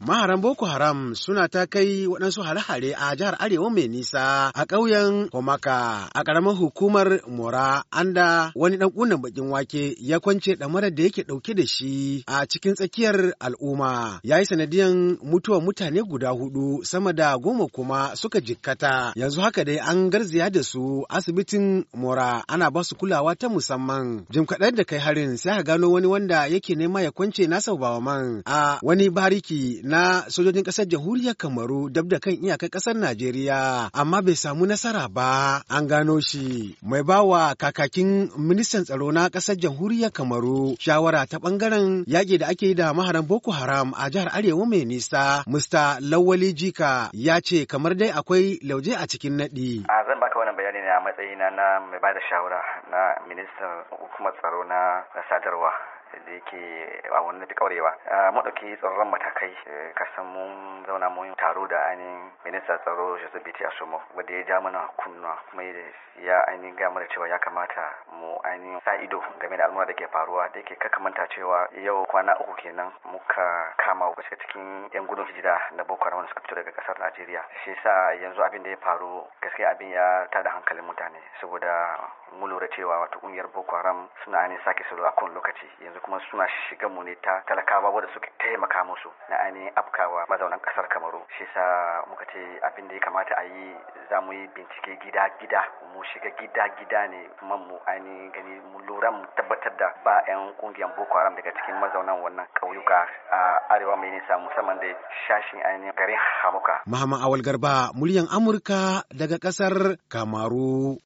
Maharan Boko Haram suna ta kai waɗansu hare-hare a jihar Arewa mai nisa a ƙauyen Komaka a ƙaramin hukumar Mora anda wani ɗan ƙunan baƙin wake ya kwance ɗamarar da yake ɗauke da shi a cikin tsakiyar al'umma ya yi sanadiyan mutuwar mutane guda hudu sama da goma kuma suka jikkata yanzu haka dai an garziya da su asibitin Mora ana ba su kulawa ta musamman jim kaɗan da kai harin sai a gano wani wanda yake nema ya kwance nasa man a wani bariki na sojojin ƙasar jamhuriyar Kamaru dab da kan iyakar ƙasar Najeriya amma bai samu nasara ba an gano shi. Mai bawa kakakin ministan tsaro na ƙasar jamhuriyar Kamaru shawara ta ɓangaren yaƙi da ake yi da maharan Boko Haram a jihar Arewa mai nisa Mr. Lawali Jika ya ce kamar dai akwai lauje a cikin naɗi. zan baka wannan bayani ne a matsayina na mai bada shawara na ministan hukumar tsaro na sadarwa. da yake a wannan da kaurewa mu ɗauki tsaron matakai eh, kasan mun zauna mun taro da ainihin minista tsaro Joseph Biti Asomo wanda ya ja mana kunna kuma ya ainihin gaya da cewa ya kamata mu ainihin sa ido game da da ke faruwa da yake manta cewa yau kwana uku kenan muka kama wasu cikin yan gudun hijira na boko haram suka fito daga kasar najeriya shi yasa yanzu abin da ya faru gaskiya abin ya tada hankalin mutane saboda mu lura cewa wata kungiyar boko haram suna ainihin sake salo a kowane lokaci yanzu kuma suna shiga mu ne ta talakawa wadda suka taimaka musu na ainihin afkawa mazaunan kasar kamaru shi yasa muka ce abin da ya kamata a yi za mu yi bincike gida gida mu shiga gida gida ne kuma mu ainihin gani mu lura mu tabbatar da ba 'yan kungiyar boko haram daga cikin mazaunan wannan ƙauyuka a arewa mai nisa musamman da shashin ainihin garin hamuka. Mahama Awal Garba, muryan Amurka daga ƙasar Kamaru.